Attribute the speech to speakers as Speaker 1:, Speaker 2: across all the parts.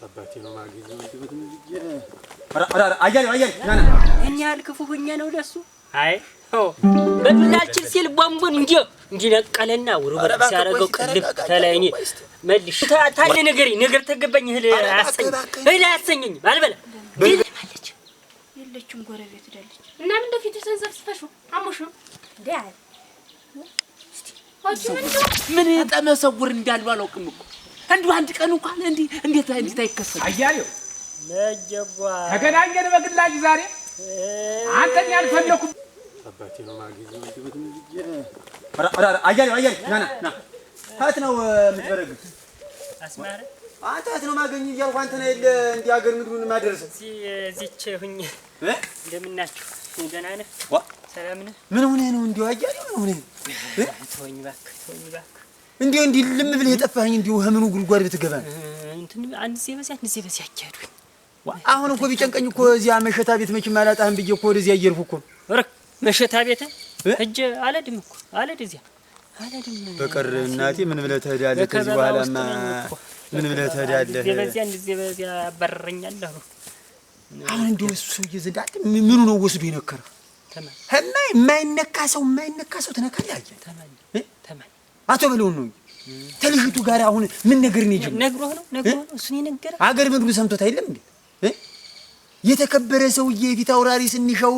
Speaker 1: ይህን
Speaker 2: ያህል ክፉ ሁኜ ነው ለሱ? አይ በዱላችን ሲል ቦምቡን እንዲ እንዲ ነቀለና ሲያደርገው ቅልፍ ተለኝ መልሽ ታለ ነገር ነገር ተገባኝ። እህል አያሰኝ እህል አያሰኘኝ አልበላ ብላለች። የለችም ጎረቤት ሄዳለች። እና ምን እንደፊት ተንዘፍስፈሽ አሞሽ ነው ዳል
Speaker 1: ምን ጠመሰውር እንዳሉ አላውቅም እኮ እንዲሁ አንድ ቀን እንኳን እንዲህ እንዴት ላይ እንዴት አይከሰትም? አያሌው
Speaker 2: መጀጓ
Speaker 1: ተገናኘን በግላጅ ዛሬ አንተን ያልፈለኩ አባቴ ነው ማግኘት አያሌው አያሌው ና ና ታት ነው የምትበረግ አስማረ አንተ ታት ነው ማገኝ እያልኩ አንተን የለ እንዲህ ሀገር ምግብን ማደረሰ
Speaker 2: እዚች ሁኝ እንደምናችሁ ደህና ነህ? ሰላም ነህ?
Speaker 1: ምን ሆነህ ነው እንዲሁ አያሌው ምን ሆነህ ነው?
Speaker 2: ተወኝ እባክህ ተወኝ እባክህ
Speaker 1: እንዲሁ እንዲህ ልም ብለህ የጠፋኸኝ እንዲሁ ህምኑ ጉድጓድ ብትገባ ነው።
Speaker 2: እንትን አንዜ በዚያ አንዜ በዚያ አካሄዱኝ።
Speaker 1: አሁን እኮ ቢጨንቀኝ እኮ እዚያ መሸታ ቤት መቼም አላጣህም ብዬ እኮ ወደዚያ አየርኩ እኮ
Speaker 2: ረክ መሸታ ቤት እጅ አለድም እኮ አለድ እዚያ አለድም
Speaker 1: በቀር እናቴ ምን ብለህ ትሄዳለህ? ከዚህ በኋላማ ምን ብለህ ትሄዳለህ?
Speaker 2: በዚያ አንዜ በዚያ አባረረኛል አሉ።
Speaker 1: አሁን እንዲሁ እሱ ሰውዬ ዘንድ ምኑ ነው ወስዶ የነከረህ? ተማን የማይነካ ሰው የማይነካ ሰው ትነካለህ።
Speaker 2: አየህ
Speaker 1: አቶ በለውን ነው ተልሂቱ ጋር አሁን ምን ነገር ነው ይጀምር
Speaker 2: ነግሮ ነው ነግሮ ነው እሱ እሱን ነገር
Speaker 1: አገር ምግብ ሰምቶት አይደለም እንዴ የተከበረ ሰውዬ ፊት አውራሪ ስንሻው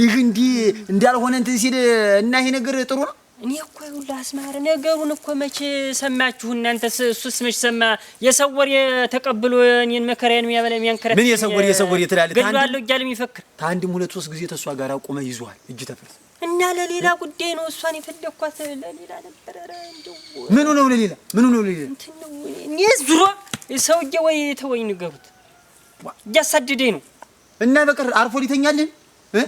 Speaker 1: ልጅ እንዲህ እንዳልሆነ እንትን ሲል እና ይሄ ነገር ጥሩ ነው።
Speaker 2: እኔ እኮ ይኸውልህ አስማረ ነገሩን እኮ መቼ ሰማችሁ እናንተ? እሱስ መቼ ሰማ? የሰወር ተቀብሎ እኔን መከራዬን የሚያበላ የሚያንከራ
Speaker 1: ምን የሰወር የሰወር የተላለለ
Speaker 2: ገድሎ አለው እያለ የሚፈክር
Speaker 1: ከአንድም ሁለት ሶስት ጊዜ ተሷ ጋር ቆመ ይዟል እጅ ተፈርስ
Speaker 2: እና ለሌላ ጉዳይ ነው እሷን የፈለኳት ለሌላ ነበረ።
Speaker 1: ምኑ ነው ለሌላ? ምኑ ነው ለሌላ?
Speaker 2: እኔ ዙሮ ሰውዬ ወይ ተወኝ፣ ንገሩት እያሳደደኝ ነው።
Speaker 1: እና በቀር አርፎ ሊተኛልን?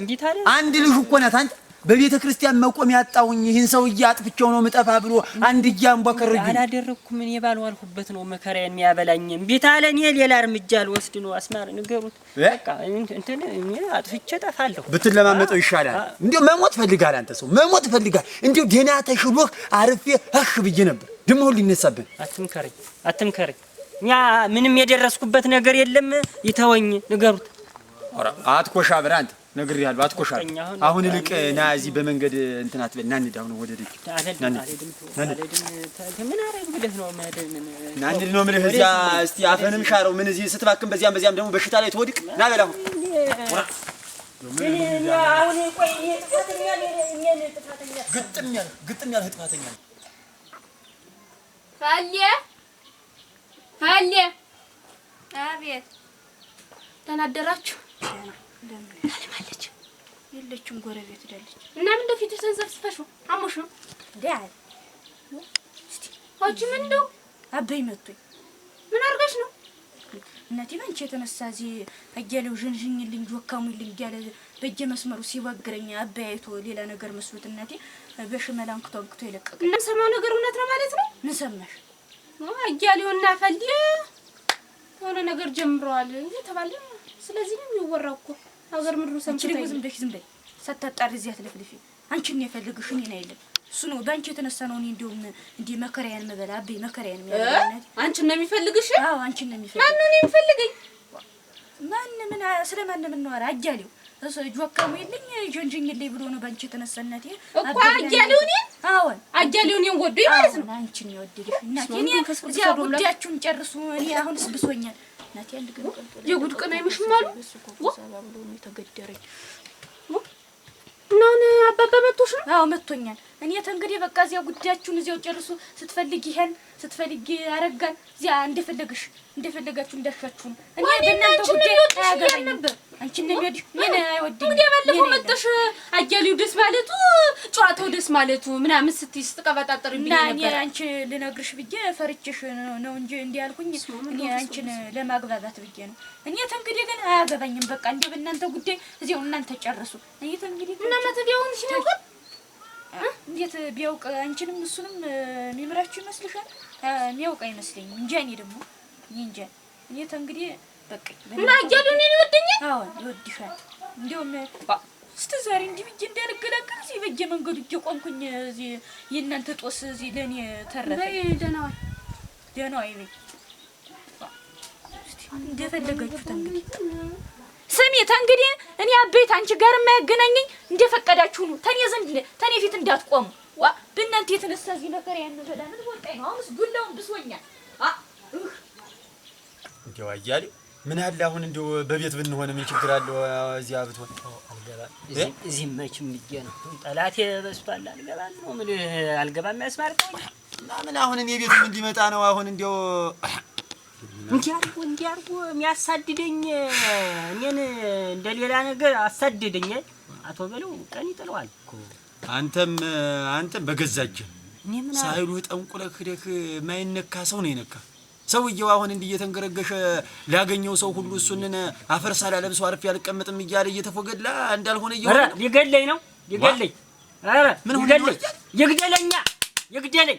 Speaker 1: እንዴት አለ አንድ ልጅ እኮ ናት አንተ በቤተ ክርስቲያን መቆም ያጣውኝ ይህን ሰውዬ አጥፍቼው ነው ምጠፋ ብሎ አንድ እያም ቦከር
Speaker 2: አላደረግኩም። እኔ ባልዋልሁበት ነው መከራ የሚያበላኝም ቤት አለ። እኔ ሌላ እርምጃ ልወስድ ነው። አስማር ንገሩት፣ በቃ እንትን እኔ አጥፍቼ ጠፋለሁ።
Speaker 1: ብትለማመጠው ይሻላል። እንዲሁ መሞት ፈልጋል፣ አንተ ሰው መሞት ፈልጋል። እንዲሁ ደህና ተሽሎህ አርፌ እህ ብዬ ነበር። ድሞ ሊነሳብን ይነሳብን።
Speaker 2: አትምከረኝ፣ አትምከረኝ። ያ ምንም የደረስኩበት ነገር የለም። ይተወኝ፣ ንገሩት።
Speaker 1: አትኮሻ ብር አንተ ነግር ያለው አትቆሻል። አሁን ይልቅ ና እዚህ በመንገድ እንትን አትበል። ና እንሂድ። አሁን ወደ ደጅ ና እንሂድ ነው የምልህ። እዚያ እስቲ አፈንም ሻረው ምን እዚህ ስትባክም በዚያም በዚያም ደግሞ በሽታ ላይ ተወድቅ። ና በል አሁን ግጥም ያልህ ጥፋተኛ
Speaker 2: አቤት ተናደራችሁ ለምን ታልማለች? የለችም ጎረቤት ሄዳለች። እና ምን እንደው ፊትሽ ተንዘፍዝፈሽ አሞሽ ነው እንዴ? አይ አንቺ ምን እንደው አበይ መቶኝ ምን አድርገሽ ነው እናቴ? ባንቺ የተነሳ እዚህ አያሌው ዥንዥኝልኝ ጆካሙልኝ እያለ በእጄ መስመሩ ሲወግረኝ አበይ አይቶ ሌላ ነገር መስሎት እናቴ በሽመላ አንክቶ አንክቶ የለቀቀኝ። እና ሰማው ነገር እውነት ነው ማለት ነው? ምን ሰማሽ? አያሌው እና ፈልየ የሆነ ነገር ጀምረዋል እየተባለ ስለዚህ ነው የሚወራው እኮ ሀገር ምድሩ ሰምቶ ዝም በይ ዝም በይ ሳታጣሪ እዚህ አትለፍልፊ። አንቺ ነው የፈለግሽ እኔን አይደለም። እሱ ነው ዳንቺ የተነሳ ነው። እኔ እንደውም እንዲህ መከራዬን መበላ አቤ መከራዬን የሚያደርግነት አንቺ ነው የሚፈልግሽ? አዎ አንቺ ነው የሚፈልግ። ማን ነው እኔ የሚፈልገኝ? ማን ምን ስለ ማን ምን ነው? ኧረ አያሌው እሱ ጆካሙ ይልኝ ጆንጆኝ ይልኝ ብሎ ነው ባንቺ የተነሳ እናቴ እኮ አያሌው እኔን። አዎ አያሌው እኔን ወዶኝ ማለት ነው። አንቺ ነው የወደደሽ እናቴ። እኔ እዚያ ጉዳያችሁን ጨርሱ። እኔ አሁን ስብሶኛል የጉድ ቀን አይመሽም አሉ የተገደረኝ እናሁን አባባ መቶሽ ነው? አዎ መቶኛል። እኔ ተንግዲህ በቃ እዚያ ጉዳያችሁን እዚያው ጨርሱ። ስትፈልግ ይሄን ስትፈልግ ያረጋን እዚያ እንደፈለግሽ እንደፈለጋችሁ እንዳሻችሁም እኔ በእናንተ ጉዳይ አያገባኝም ነበር። አንቺ እንደዚህ ምን አይወድም። እንግዲህ ባለፈው መጥተሽ አያሌው ደስ ማለቱ ጨዋታው ደስ ማለቱ ምናምን ስትይ ስትቀባጣጠርብኝ ነበር። አንቺ ልነግርሽ ብዬ ፈርቼሽ ነው እንጂ እንዲህ አልኩኝ። እኔ አንቺን ለማግባባት ብዬ ነው። እኔ ተንግዲህ ግን አያገባኝም። በቃ እንደ በእናንተ ጉዳይ እዚያው እናንተ ጨርሱ። እኔ ተንግዲህ እና ማተዲያውን ሲነግር እንዴት ቢያውቅ አንቺንም እሱንም የሚምራችሁ ይመስልሻል? የሚያውቅ አይመስለኝም። እንጃ እኔ ደግሞ እንጃ እኔ ተንግዲህ በቃኝ። እና እየቆምኩኝ እዚህ የእናንተ ጦስ እዚህ ለእኔ ተረፈ። ደህና ዋይ፣ ደህና ዋይ በይ። እንደፈለጋችሁት እንግዲህ እኔ አቤት አንቺ ጋር የማያገናኘኝ እንደፈቀዳችሁ ነው። ተኔ ዘንድ ተኔ ፊት እንዳትቆሙ ዋ የተነሳ እዚህ ያን ወጣ ነው። አሁንስ ብሶኛል።
Speaker 1: ምን አለ አሁን እንደው በቤት ብንሆን ምን ችግር አለው? እዚያ ብትሆን
Speaker 2: እዚህ መችም ብዬ ነው ጠላቴ በስቷል። አልገባም ነው ምን አልገባ የሚያስማር
Speaker 1: እና ምን አሁን እኔ ቤት እንዲመጣ ነው አሁን እንደው
Speaker 2: እንዲህ አድርጎ የሚያሳድደኝ እኔን እንደሌላ ነገር አሳድደኝ። አቶ በለው ቀን ይጥለዋል እኮ
Speaker 1: አንተም አንተም በገዛጀ ሳይሉ ጠንቁለህ ሂደህ ማይነካ ሰው ነው የነካ ሰውየው አሁን እንዲህ እየተንገረገሸ ላገኘው ሰው ሁሉ እሱንን አፈርሳ ላለብሰው አርፌ አልቀምጥም እያለ እየተፎገድላ እንዳልሆነ
Speaker 2: እየሆነ ሊገለኝ ነው ሊገለኝ ምን ሊገለኝ ይግደለኛ ይግደለኝ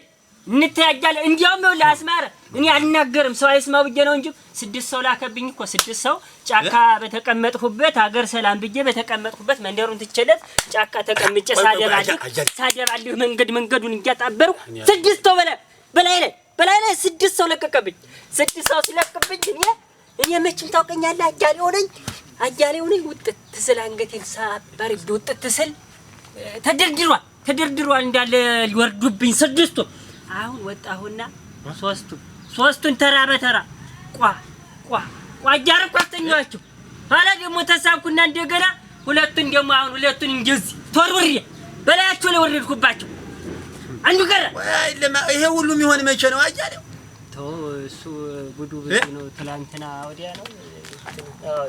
Speaker 2: እንተያያለን እንዲያውም ነው አስማረ፣ እኔ አልናገርም ሰው አይስማው ብዬ ነው እንጂ ስድስት ሰው ላከብኝ እኮ ስድስት ሰው ጫካ በተቀመጥሁበት አገር ሰላም ብዬ በተቀመጥሁበት መንደሩን ትችለት ጫካ ተቀምጬ ሳደባልህ ሳደባልህ መንገድ መንገዱን እያጣበርኩ ስድስት ሰው በላይ በላይ ላይ በላይ ላይ ስድስት ሰው ለቀቀብኝ። ስድስት ሰው ሲለቅብኝ እኔ እኔ መቼም ታውቀኛለህ፣ አያሌው ነኝ አያሌው ነኝ። ውጥት ትስል አንገቴን ሳባር ውጥት ትስል ተደርድሯል ተደርድሯል እንዳለ ሊወርዱብኝ ስድስቱ። አሁን ወጣሁና ሶስቱ ሶስቱን ተራ በተራ ቋ ቋ ቋ እያደረኩ አስተኛኋቸው። ኋላ ደግሞ ተሳብኩና እንደገና ሁለቱን ደግሞ አሁን ሁለቱን እንደዚህ ተወርውሬ በላያቸው ላይ ወረድኩባቸው። አንዱ ቀረ።
Speaker 1: ይሄ ሁሉ የሚሆን መቼ ነው? አያሌው
Speaker 2: ተው፣ እሱ ጉዱ ብዙ ነው። ትላንትና ወዲያ ነው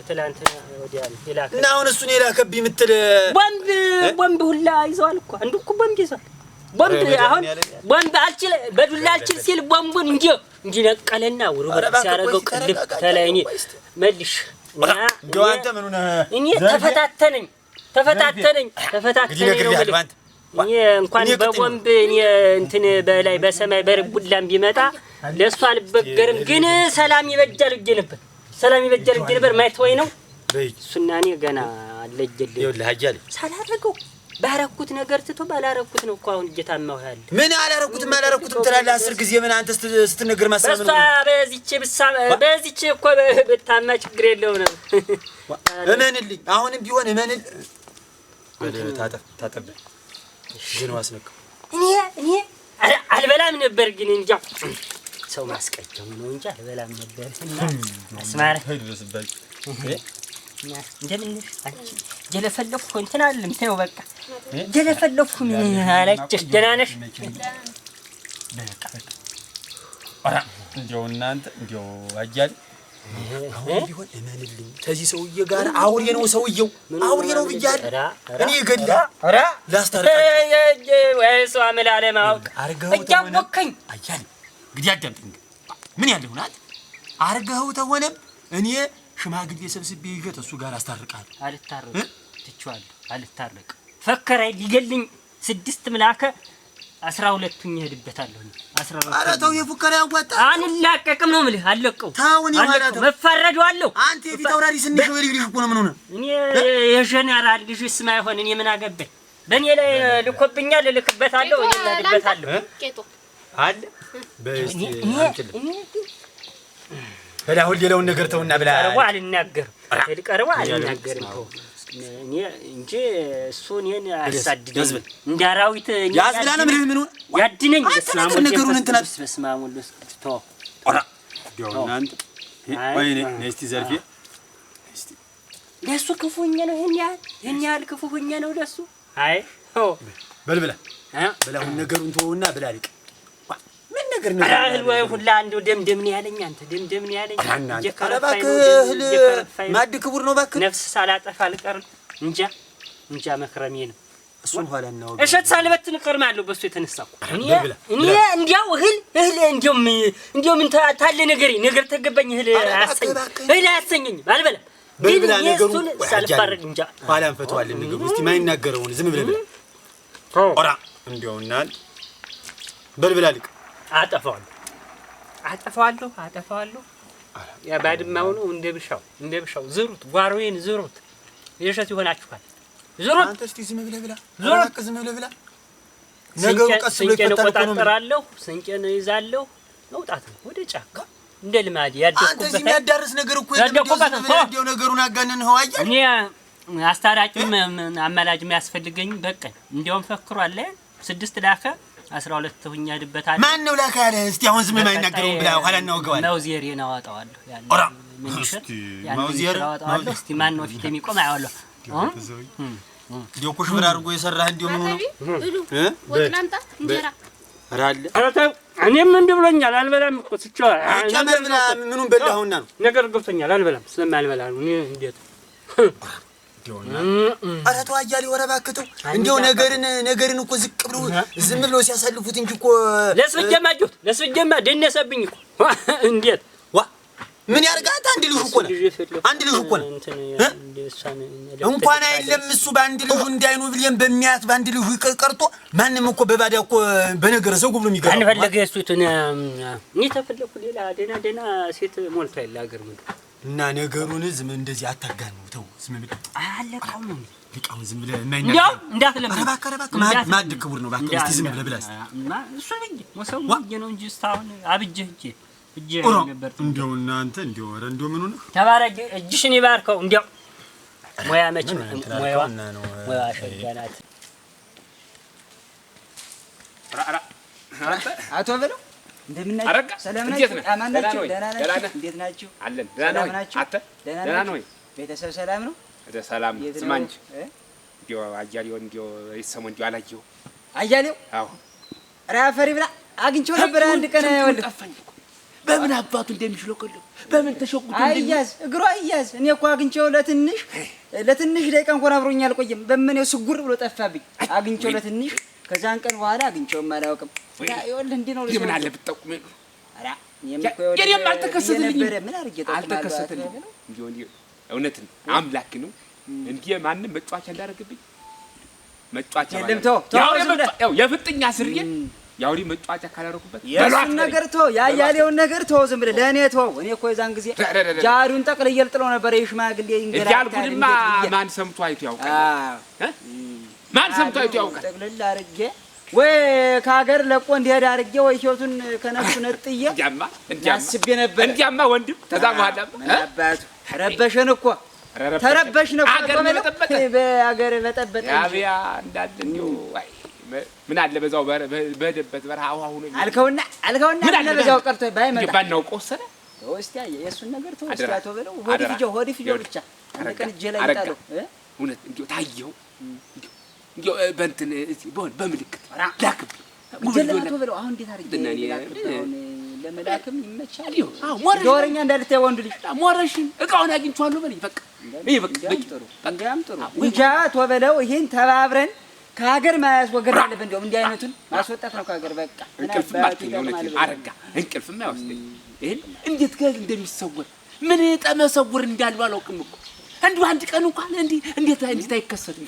Speaker 2: ትላንትና ወዲያ ነው
Speaker 1: የላከብኝ እና አሁን እሱን የላከብኝ የምትል
Speaker 2: ቦምብ ቦምብ ሁላ ይዘዋል እኮ አንዱ እኮ ቦምብ ይዘዋል። ቦምብ አሁን ቦምብ አልችል በዱላ አልችል ሲል ቦምቡን እንዲ እንዲ ነቀለና ውርውር ሲያደርገው ቅልብ ተለይ እኔ መልሽ እኔ ተፈታተነኝ ተፈታተነኝ ተፈታተነኝ ነው እኔ እንኳን በቦምብ እኔ እንትን በላይ በሰማይ በርቡላም ቢመጣ ለእሱ አልበገርም። ግን ሰላም ይበጃል እጄ ነበር፣ ሰላም ይበጃል እጄ ነበር። ማየት ወይ ነው እሱና እኔ ገና
Speaker 1: አለጀልኝ
Speaker 2: ሳላረገው ባረኩት ነገር ትቶ ባላረኩት ነው እኮ አሁን እየታማሁ ያለ።
Speaker 1: ምን አላረኩትም አላረኩትም ትላለህ አስር ጊዜ። ምን አንተ ስትነግር ማሰብ
Speaker 2: ነው። በዚች ብሳ በዚች እኮ ብታማ ችግር የለው ነው።
Speaker 1: እመንልኝ፣ አሁንም ቢሆን እመንልኝ። ታጠብ ታጠብ ነው አስነካው።
Speaker 2: እኔ እኔ አልበላም ነበር ግን እንጃ ሰው ማስቀየሙ ነው እንጂ አልበላም ነበር። አስማረ እንደምን አንቺ? ጀለፈለኩ እንትን አልልም። ተይው በቃ ጀለፈለኩ ምን አላችሽ? ደህና ነሽ?
Speaker 1: በቃ በቃ። ኧረ እናንተ እንደው አያሌ ከዚህ ሰውዬ ጋር አውሬ ነው ሰውዬው፣ አውሬ ነው ብያለሁ። እኔ ገላ
Speaker 2: ላስታርሰው አመል አለማወቅ እያወከኝ
Speaker 1: አያሌው፣ እንግዲህ አዳምጠኝ። ምን ያለ ሁናት አርገኸው ተሆነም እኔ ሽማግሌ ሰብስቤ ይዤ እሱ ጋር አስታርቃለሁ።
Speaker 2: አልታረቅም፣ ትቼዋለሁ። አልታረቅም። ፈከራይ ሊገልኝ ስድስት ምላከ አስራ ሁለቱን ይሄድበታለሁ።
Speaker 1: አስራ ሁለት ኧረ ተው የፉከራ ያዋጣ።
Speaker 2: አንላቀቅም ነው የምልህ። አለቀው
Speaker 1: ታውን ይማራተ
Speaker 2: መፈረዱ አለው።
Speaker 1: አንተ የፊት አውራሪ ስንሽ ወይ ልጅ እኮ ነው። ምን ሆነ?
Speaker 2: እኔ የጀነራል ልጅ ስም አይሆን። እኔ ምን አገባኝ? በእኔ ላይ ልኮብኛል። እልክበታለሁ። እኔ እሄድበታለሁ።
Speaker 1: ቄጦ አለ በእስቲ አንችልም በላ ሁሌ ለውን ነገር ተውና ብላ
Speaker 2: ቀርቦ አልናገርም። ቀርቦ አልናገርም ተው እኔ እንጂ እሱ እኔን አያሳድደኝ እንደ አራዊት
Speaker 1: ያዝብላነ ምን ምን
Speaker 2: ያድነኝ። ስማሙ ነገሩን እንትና ስማሙ ልስ ቶ
Speaker 1: ኦራ ዲዮናን ወይኔ ነስቲ ዘርፊ
Speaker 2: ለሱ ክፉ ሆኜ ነው ይሄን ያህል ይሄን ያህል ክፉ ሆኜ ነው ለሱ። አይ
Speaker 1: በል ብላ በላ ነገሩን ተወውና ብላ ልቅ ነገር ነው
Speaker 2: እህል ወይ ሁላ እንደው ደምደም ነው ያለኝ። አንተ ደምደም ነው ያለኝ።
Speaker 1: ኧረ እባክህ እህል ማዕድ ክቡር ነው። እባክህ
Speaker 2: ነፍስ ሳላጠፋ አልቀርም። እንጃ እንጃ መክረሜ ነው።
Speaker 1: እሱን ኋላ ነው
Speaker 2: እሸት ሳልበትን እቀርማለሁ። በእሱ እኔ እንዲያው እህል እህል ታለ ነገሬ ነገር ተገባኝ። እህል እህል አልበላም
Speaker 1: እንጃ ኋላ እንፈተዋለን። ዝም ብለህ ብላ እንዲያው እናል ልቅ
Speaker 2: አጠፋዋለሁ አጠፋዋለሁ አጠፋዋለሁ። ያ ባድማው ነው እንደ ብሻው እንደ ብሻው ዝሩት፣ ጓሮዬን ዝሩት፣ የሸት ይሆናችኋል። ዝሩት። አንተ
Speaker 1: እስቲ ዝም ብለህ ብላ፣
Speaker 2: ዝሩት፣ ዝም ብለህ ብላ። ነገሩ ቀስ ብሎ ይፈታል። ስንቄን እይዛለሁ፣ መውጣት ነው ወደ ጫካ እንደ ልማድ ያደኩበት።
Speaker 1: አንተ የሚያዳርስ ነገር እኮ የለም። ነገሩን አጋነን ሆይ
Speaker 2: እኔ አስታራቂም አማላጅም ያስፈልገኝ በቀን እንዲያውም ፈክሯል። ስድስት ላከ አስራ ሁለት ሁኛ ድበታል።
Speaker 1: ማን ነው ላካ ያለ? እስቲ አሁን ዝም የማይናገረውን ብላ ኋላ እናወገዋለን።
Speaker 2: መውዜር አዋጣዋለሁ። መውዜር አዋጣዋለሁ። እስቲ ማን ነው ፊት የሚቆም አያዋለሁ።
Speaker 1: እንዲሁ እኮ ሽብር አድርጎ የሰራህ እንዲሁ ምን ሆኖ እኔም እንዲህ ብሎኛል። አልበላም እኮ ስቸዋል። ምኑን በላሁና ነው
Speaker 2: ነገር ገብቶኛል። አልበላም ስለማልበላ ነው እንዴት
Speaker 1: ኧረ ተው አያሌ ኧረ እባክህ ተው። ነገርን ነገርን እኮ ዝቅ ብሎ ዝም ብሎ ሲያሳልፉት እንጂ እኮ
Speaker 2: ለስብጀማ ጆት ለስፍጀማ ደነሰብኝ እኮ እንዴት
Speaker 1: ዋ ምን ያርጋት? አንድ ልጅ እኮ ነው፣ አንድ ልጅ እኮ ነው። እንኳን አይደለም እሱ በአንድ ልጅ እንዳይኑ ብለን በሚያት በአንድ ልጅ ቀርቶ ማንም እኮ በባዳ እኮ በነገር ሰው ጉብሎ የሚገባ
Speaker 2: አንፈለገ እሱ ትን እኔ ተፈለኩ ሌላ ደና ደና ሴት ሞልቷል አገር ምንድን
Speaker 1: እና ነገሩን ዝም እንደዚህ አታጋን ነው። ተው ዝም
Speaker 2: ብለህ አለቃው ነው
Speaker 1: ልቃውን ዝም ብለ ማይና
Speaker 2: ያው እንዳትለምድ።
Speaker 1: ኧረ እባክህ ኧረ ማድ ማዕድ ክቡር ነው። እባክህ እስቲ ዝም ብለ ብላስ
Speaker 2: እሱ ነኝ ወሰው ነኝ ነው እንጂ እስካሁን አብጀህ እጅ
Speaker 1: እጄ ነበር። እንደው እናንተ እንደው ኧረ እንደው ምን ነው
Speaker 2: ተባረክ። እጅሽን ይባርከው። እንደው ሙያ መች ሙያዋ ሙያ አሸጋናት አቶ በለው ቤተሰብ ሰላም ነው?
Speaker 1: ሰላም ነው። ስማ እንጂ እንዲያው አያሌው እንዲያው ይሰሙ እንዲያው አያሌው። አዎ
Speaker 2: ኧረ አፈሪ ብላ አግኝቼው ነበር አንድ ቀን ይኸውልህ
Speaker 1: በምን አባቱ እንደሚችለው በምን
Speaker 2: አያዝ አያዝ። እኔ እኮ አግኝቼው ለትንሽ ለትንሽ ደቂቃ እንኳን አብሮኝ አልቆየም። በምን ስጉር ብሎ ጠፋብኝ። አግኝቼው ለትንሽ ከዛን ቀን በኋላ አግኝቼውም አላውቅም።
Speaker 1: ምን አለብህ ጠቁሜ ነው። የእኔም
Speaker 2: አልተከሰተልኝም
Speaker 1: አልተከሰተልኝም። እውነት ነው፣ አምላክ ነው። እንደ ማንም መጫወቻ እንዳደረግብኝ መጫወቻ የፍጥኛ ስርዬን የአውሪ መጫወቻ ካላደረኩበት
Speaker 2: የእሱን ነገር ተወው፣ ያያሌውን ነገር ተወው፣ ዝም ብለህ ለእኔ ተወው። እኔ እኮ የዛን ጊዜ ጃዱን ጠቅልዬ ልጥለው ነበር። ይህ ሽማግሌ
Speaker 1: እንግዲህ ማን ሰምቶ አይቶ ያውቃል? ማን ሰምቶ አይቶ ያውቃል?
Speaker 2: ጠቅልል አድርጌ ወይ ከሀገር ለቆ እንዲሄድ አድርጌ ወይ ህይወቱን ከነሱ ነጥዬ
Speaker 1: አስቤ ነበር። እንዲያማ ወንድም ተዛ አባቱ
Speaker 2: ረበሸን እኮ ተረበሽን እኮ በሀገር በጠበጠ
Speaker 1: አብያ እንዳለ እንዲሁ ምን አለ በዛው በሄደበት በረሃ ውሃ ሁኖ
Speaker 2: አልከውና አልከውና ምን አለ በዛው ቀርቶ ባይመጣ
Speaker 1: ባናውቅ ወሰነ
Speaker 2: ወስቲያ የእሱን ነገር ተወስቲያቶ በለው ሆዲ ፍጆ ሆዲ ፍጆ ብቻ ቀን እጄ ላይ ይጣለው
Speaker 1: እውነት እንዲሁ ታየው በእንትን በሆነ በምልክት ላክብኝ
Speaker 2: በለው። አሁን እንዴት አድርጌ ለመላክም ይመቻል። ወረኛ እንዳልታይ ወንድ ልጅ
Speaker 1: ሞረሽን እቃውን አግኝቼዋለሁ በለኝ። በቃ
Speaker 2: እንጃ ቶበለው። ይህን ተባብረን ከሀገር ማያስወገድ አለብን። እንዲያውም እንዲህ አይነቱን ማስወጣት ነው ከሀገር። በቃ
Speaker 1: እንቅልፍም አልተኛ አረጋ እንቅልፍም አይወስደኝ። ይህን እንዴት ጋር እንደሚሰወር ምን ጠመሰውር እንዳለው አላውቅም እኮ እንዲሁ አንድ ቀን እንኳን እንዲህ እንዴት እንዴት አይከሰትም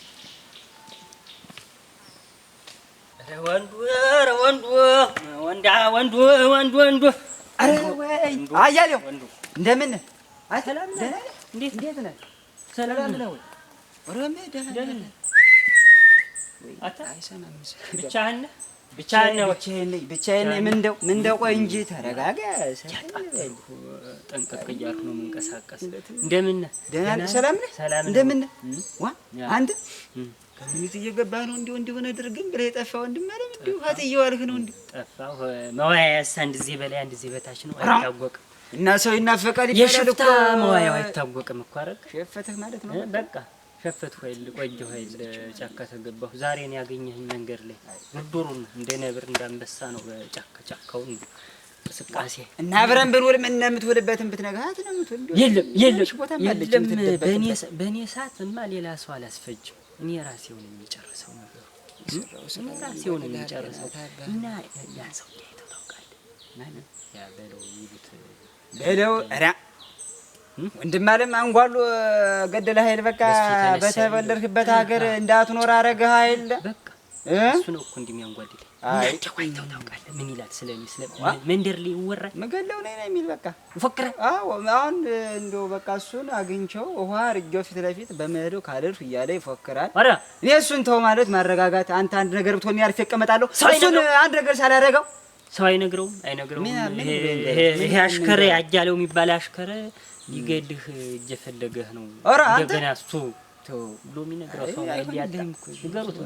Speaker 2: ወንዱ ወንዱ ወንዱ ወንዱ ወንዱ አረ ወይ አያሌው እንደምን እንዴት ነህ? ሰላም ነው ወይ? ተረጋጋ። እንደምን ደህና ሰላም ነህ? እንደምን ዋ አንተ ምንት እየገባህ ነው እንዲሁ እንዲሁ ነገር ግን ብለህ የጠፋህ ወንድም አለ እንዲሁ ሀት እየዋልህ ነው እንዲሁ ጠፋሁ። መዋያስ አንድ ጊዜ በላይ አንድ ጊዜ በታች ነው፣ አይታወቅም። እና ሰው ይናፈቃል ይባላል እኮ መዋያው አይታወቅም እኮ አደረግ ሸፈተህ ማለት ነው። በቃ ሸፈትኩ አይደል ቆየሁ አይደል ጫካ ተገባሁ። ዛሬ ነው ያገኘኸኝ መንገድ ላይ ዱዱሩን እንደ ነብር እንዳንበሳ ነው ጫካ ጫካውን እንቅስቃሴ እና አብረን ብንውል ምን የምትውልበትን ብትነግራት ነው የምትውል የለም የለም በእኔ ሰዓትማ ሌላ ሰው አላስፈጅም እኔ ራሴው ነኝ የሚጨርሰው ነገሩ እኔ ራሴው ነኝ የጨረሰው እና ያን ሰው ያይተው ታውቃለህ። ማንም ያ በለው ይሉት በለው ራ ወንድም አለም አንጓሎ ገደለ ኃይል በቃ በተበለርክበት ሀገር እንዳትኖር አረገ ኃይል በቃ እሱ ነው እኮ እንደሚያንጓልል አደዋይተው ታውቃለህ? ምን ይላል? ስለ መንደር ላይ ይወራል። መገለው ነኝ ነው የሚል በቃ ይፎክራል። አሁን እንደው በቃ እሱን አግኝቼው ውሃ አድርጌው ፊት ለፊት በመሄደው ካልሄድኩ እያለ ይፎክራል። እኔ እሱን ተው ማለት ማረጋጋት። አንተ አንድ ነገር ብትሆን እኔ አርፌ እቀመጣለሁ። እሱን አንድ ነገር ሳላደርገው ሰው አይነግረውም አይነግረውም። ይሄ አሽከረ አጃለው የሚባል አሽከረ ሊገድህ እየፈለገህ ነው እንደገና እሱ ተው ብሎ የሚነግረው ሰው ሊያጣ ንገሩት፣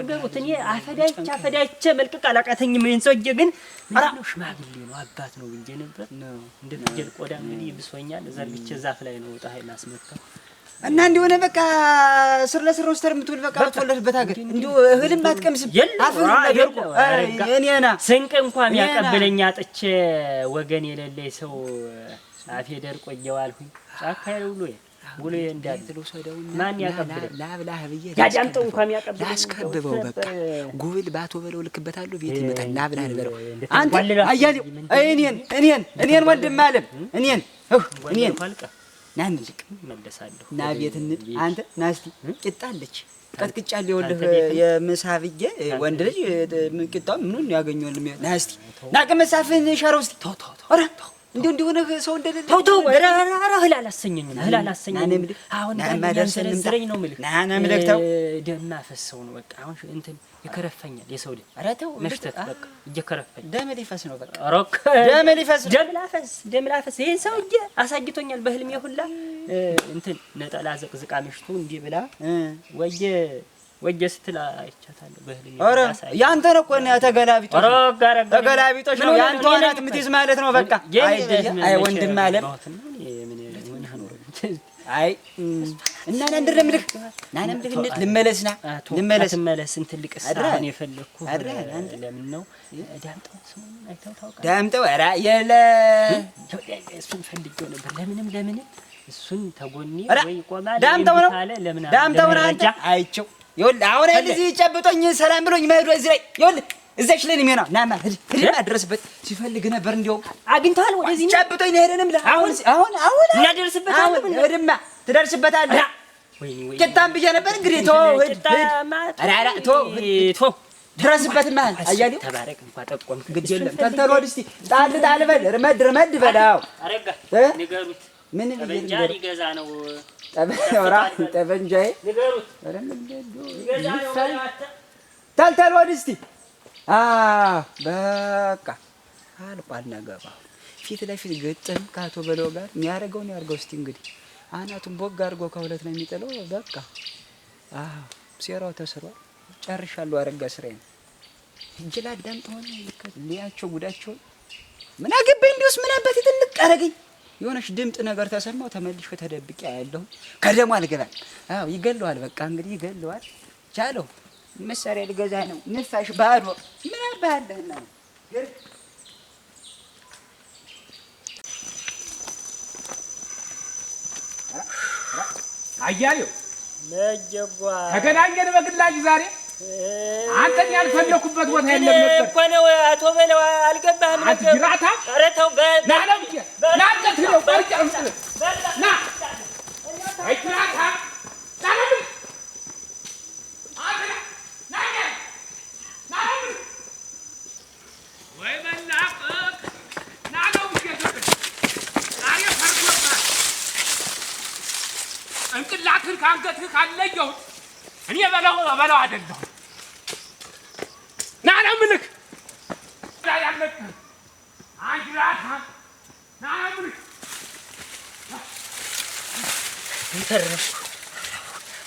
Speaker 2: ንገሩት። እኔ አፈዳይቼ አፈዳይቼ መልቀቅ አላቃተኝም። ይህን ሰውዬ ግን ሽማግሌ ነው፣ አባት ነው ብዬ ነበር። እንደ ፍየል ቆዳ እንግዲህ ብሶኛል። ዘርግቼ ዛፍ ላይ ነው ፀሐይ ማስመታው እና እንደሆነ በቃ ስር ለስር ውስተር የምትውል በቃ በተወለድበት ሀገር እንዲሁ እህልም አትቀምስም። እኔና ስንቅ እንኳን ያቀብለኝ አጥቼ ወገን የሌለኝ ሰው አፌ ደርቆ እየዋልሁኝ ጫካ ይውሉ ጉሎ እንዳትሉ ማን ያቀብለው ላብላህ ብዬ ያጃንጠው እንኳን ያቀብለው ላስከብበው በቃ ጉብል ባቶ በለው ልክበታለሁ። ቤት ይመጣል። ላብላህ ልበለው አንተ አያሌው እኔን እኔን እኔን ወንድም አለም እኔን እኔን ና እንልቅ ና ቤት እንል አንተ ና እስቲ ቂጣለች ቀጥቅጫለሁ። ይኸውልህ የምሳ ብዬ ወንድ ልጅ ቂጣውን ምኑን ያገኘዋል? ና እስቲ ና ቅመሳፍህን ሻረው እስቲ ኧረ እንዴ እንደሆነ ሰው እንደሌለ ተው ተው፣ ኧረ ኧረ እህል አላሰኘኝ እህል አላሰኘኝ። አሁን ዘረኝ ነው ምልክ ናና ምልክ ተው፣ ደም አፈሰው ነው በቃ። አሁን እንትን ይከረፈኛል የሰው ልጅ። ኧረ ተው መሽተት በቃ እየከረፈኝ ደም ሊፈስ ነው በቃ። ሮክ ደም ሊፈስ ደም ላፈስ ደም ላፈስ። ይሄን ሰውዬ አሳጅቶኛል በህልሜ ሁላ። እንትን ነጠላ ዘቅዝቃ መሽቶ እንዲህ ብላ ወየ ወጀ ስትል አይቻታለሁ። ኧረ ያንተ ነው እኮ ነው ተገላቢጦሽ ነው ያንተ የምትይዝ ማለት ነው። በቃ አይ ወንድም አለም አይ እና ና ና ና ልመለስ ና ልመለስ አድራ ለምን ነው ዳምጠው ስሙን አይተው ዳምጠው ኧረ የለ እሱን ፈልጌው ነበር ለምንም ለምንም እሱን ተጎኔ ወይ ዳምጠው ነው ዳምጠው ነው አንተ አይቼው ይኸውልህ አሁን እዚህ ጨብጦኝ ሰላም ብሎኝ መሄዱ እዚህ ላይ ይኸውልህ እዛች ላይ ነው የሚሆነው። ናማ ህድና ድረስበት ሲፈልግ ነበር እንዲያውም አግኝተዋል። ወደዚህ ጨብጦኝ ነው ሄደንም አሁን አሁን አሁን እናደርስበት አሁን ወድማ ትደርስበታለህ። ቂጣም ብዬ ነበር እንግዲህ ቶ ሂድ ቶ ቶ ድረስበት ማል አያሌው ተባረክ። እንኳን ጠቆም ግድ የለም ተልተል ወድ ጣል ጣል በል ርመድ ርመድ በላው አረጋ ንገሩት ምን ሊገዛ ነው? በቃ አልቋል። ነገባ ፊት ለፊት ግጥም ከአቶ በለው ጋር የሚያደርገውን እንግዲህ አናቱን ቦግ አድርጎ ከሁለት ነው የሚጥለው። በቃ ሴራው ተስሯል። ጨርሻለሁ። አረጋ ሆነ ሊያቸው ምን አገባኝ? እንዲሁስ ምን አባቴ ትንቅ የሆነች ድምጥ ነገር ተሰማው። ተመልሼ ተደብቄ ያለሁ ከደሞ አልገባም። አዎ ይገለዋል። በቃ እንግዲህ ይገለዋል። ቻለሁ። መሳሪያ ልገዛ ነው። ንፋሽ ባዶ ምን አባለህና አያሌው ተገናኘን በግላጅ ዛሬ አንተን ያልፈለኩበት ቦታ የለም ነበር እኮ ነው። አቶ በለው አልገባህም ነበር። ጅራታ ኧረ ተው እንቅላትህን ከአንገትህ ካለየሁት እኔ በለው በለው አይደለሁም ተረፍኩ፣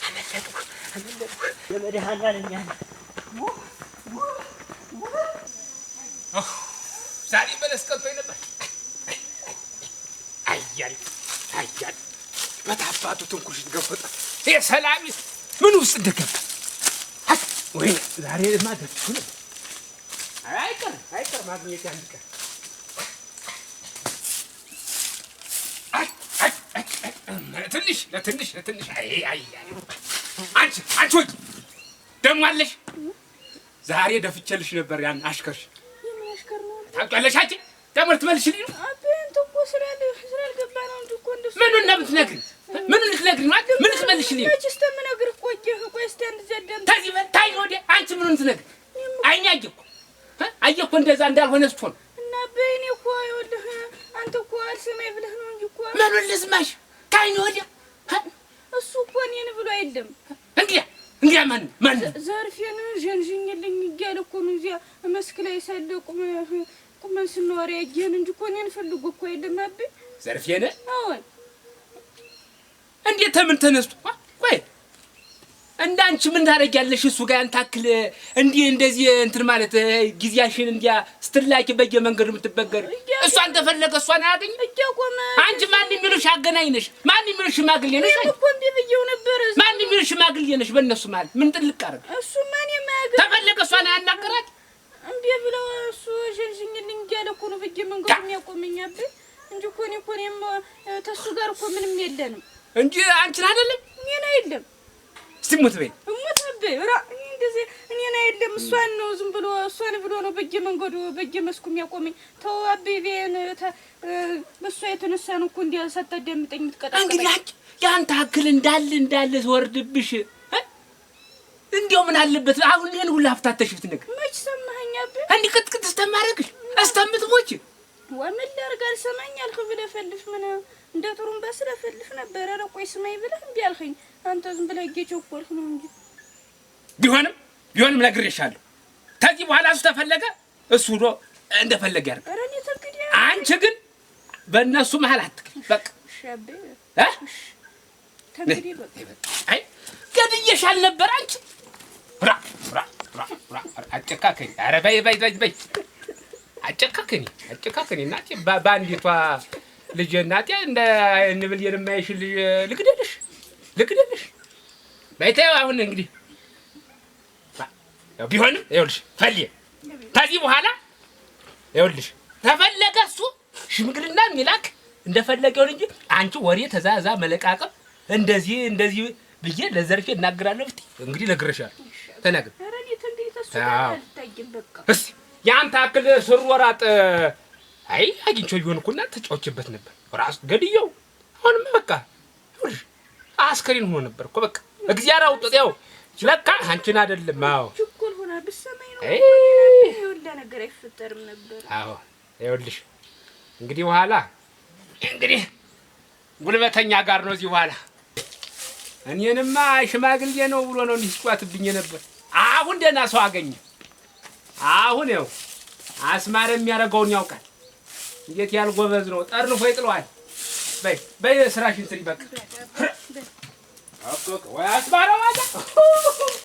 Speaker 2: አመለጥኩ፣ አመለጥኩ። የመድኃኒዓለም እኛ ዛሬ በለስ ቀብቶኝ ነበር። አያል አያል በታባቱ ትንኩሽት ገብቶ ጠፋ። ይሄ ምን ውስጥ እንደገባ ወይ ዛሬ ማደርኩ አይቀር አይቀር ማግኘት አንድ ቀን ለትንሽ ለትንሽ ለትንሽ አንቺ አንቺ ወይ ደግሞ አለሽ። ዛሬ ደፍቼልሽ ነበር ያን አሽከርሽ። ታውቂያለሽ አንቺ ደግሞ ልትመልሽልኝ ነው። ምኑን ነው የምትነግሪኝ? ምኑን ልትነግሪኝ ነው? ምን ነው? ተዚህ አንቺ ምኑን አይኔ አየህ እኮ አየህ እኮ እንደዛ እንዳልሆነ ስትሆን እና በይኔ እኮ ይኸውልህ፣ አንተ እኮ ብለህ ነው እንጂ እኮ ምኑን ልስማሽ ከአይኔ ወዲያ እሱ እኮ እኔን ብሎ የለም። እንግዲያ እንግዲያ ማን ማን ዘርፌን ዠንዥኝልኝ እያለ እኮ ነው እዚያ መስክ ላይ ሳለ ቁመን ስናወራ ያየን እንጂ እኮ እኔን ፈልጎ እኮ የለም። አቤ ዘርፌን አዎን እንዴት ተምን ተነስቶ ቆይ እንዳንቺ አንቺ ምን ታደርጊያለሽ? እሱ ጋር ያን ታክል እንዲህ እንደዚህ እንትን ማለት ጊዜያሽን እንዲያ ስትላኪ በየ መንገድ የምትበገር እሷን ተፈለገ እሷን አያገኝ። አንቺ ማን የሚሉሽ አገናኝ ነሽ? ማን የሚሉሽ ሽማግሌ ነሽ? ማን የሚሉሽ ሽማግሌ ነሽ? በእነሱ ማለት ምን ጥልቅ አደረግ እሱ ማን የማያገኝ ተፈለገ እሷን አያናገራት እምቢ ብለው እሱ ሸንሽኝልኝ እያለ እኮ ነው በየ መንገድ የሚያቆመኛብኝ እንጂ እኮ እኔ እኮ እኔም ተሱ ጋር እኮ ምንም የለንም እንጂ አንቺን አይደለም እኔን አይደለም እስቲ ሙት በይ ሙት በይ ራ እንደዚህ እኔን አይደለም እሷን ነው ዝም ብሎ እሷን ብሎ ነው በየ መንገዱ በየ መስኩ የሚያቆመኝ። ተው አበይ በእሷ የተነሳ ነው እኮ እንዲያ ሳታዳምጠኝ የምትቀጣ። እንግዲህ የአንተ አክል እንዳለ እንዳለ ትወርድብሽ። እንዲያው ምን አለበት አሁን ይህን ሁላ አፍታተሽ ብትነግር መች ሰማኸኝ? አበይ እንዲህ ቅጥቅጥ እስተማረግሽ እስተምትሞች ወምን ላድርግ አልሰማኝ አልክ ብለህ ፈልፍ ምን እንደ ጥሩምባ ስለፈልፍ ነበር። ኧረ ቆይ ስማኝ ብለህ እምቢ አልኸኝ። አንተ ዝም ብለህ እየቸኮልክ ነው እንጂ ቢሆንም ቢሆንም ነግሬሻለሁ። ከዚህ በኋላ እሱ ተፈለገ እሱ ዶ እንደፈለገ ያርግ። አንቺ ግን በእነሱ መሀል አትክል። በቃ አይ ገድዬሻል ነበር አንቺ አጨካከኝ። ኧረ በይ በይ በይ በይ አጨካከኝ፣ አጨካከኝ እናቴ በአንዲቷ ልጄ እናቴ እንደ እንብል የማይሽ ልጅ ልግደልሽ ልግደልሽ ባይታ አሁን እንግዲህ ቢሆንም ይኸውልሽ ፈልየ ከዚህ በኋላ ይኸውልሽ ተፈለገ እሱ ሽምግልና የሚላክ እንደፈለገውን እንጂ አንቺ ወሬ ተዛዛ መለቃቀም እንደዚህ እንደዚህ ብዬ ለዘርፌ እናገራለሁ። ፍቲ እንግዲህ ነግረሻለሁ። ተናግር ያንተ አክል ስር ወራጥ አይ አግኝቼው ቢሆን እኮ እናንተ ተጫውቼበት ነበር። ራሱ ገድየው አሁንም በቃ አስከሬን ሆኖ ነበር እኮ በቃ እግዚአብሔር አውጥቶ ያው ለካ አንቺን አይደለም። አዎ ችኩል ሆና ብትሰማኝ ነው ሁላ ነገር አይፈጠርም ነበር። አዎ ይኸውልሽ እንግዲህ በኋላ እንግዲህ ጉልበተኛ ጋር ነው እዚህ በኋላ እኔንማ ሽማግሌ ነው ብሎ ነው እንዲህ ነበር። አሁን ደህና ሰው አገኘ። አሁን ያው አስማረ የሚያደርገውን ያውቃል። እንዴት ያል ጎበዝ ነው። ጠርንፎ ይጥለዋል። በይ በይ ስራሽን ስሪ በቃ።